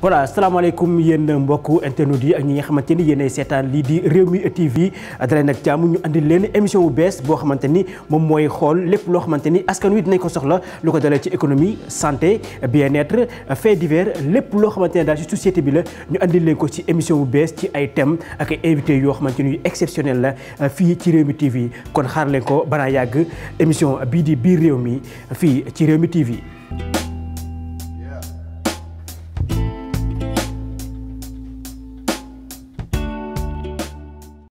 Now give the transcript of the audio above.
voilà salaamaaleykum yéen mbokku internet yi ak ñi nga xamante ni yéenay seetaan lii di réew mi TV dalee nag jàmm ñu indi leen émission bu bees boo xamante ni moom mooy xool lépp loo xamante ni askan wi dinañ ko soxla lu ko dalee ci économie santé bien-être fait divers lépp loo xamante ne daal ci société bi la ñu andi leen ko ci émission bu bees ci ay thèmes ak invité yoo xamante ni exceptionnel la euh, fii ci réew Rewmi TV kon xaar leen ko banaa yàgg émission bii di biir réew mi fii ci Rewmi TV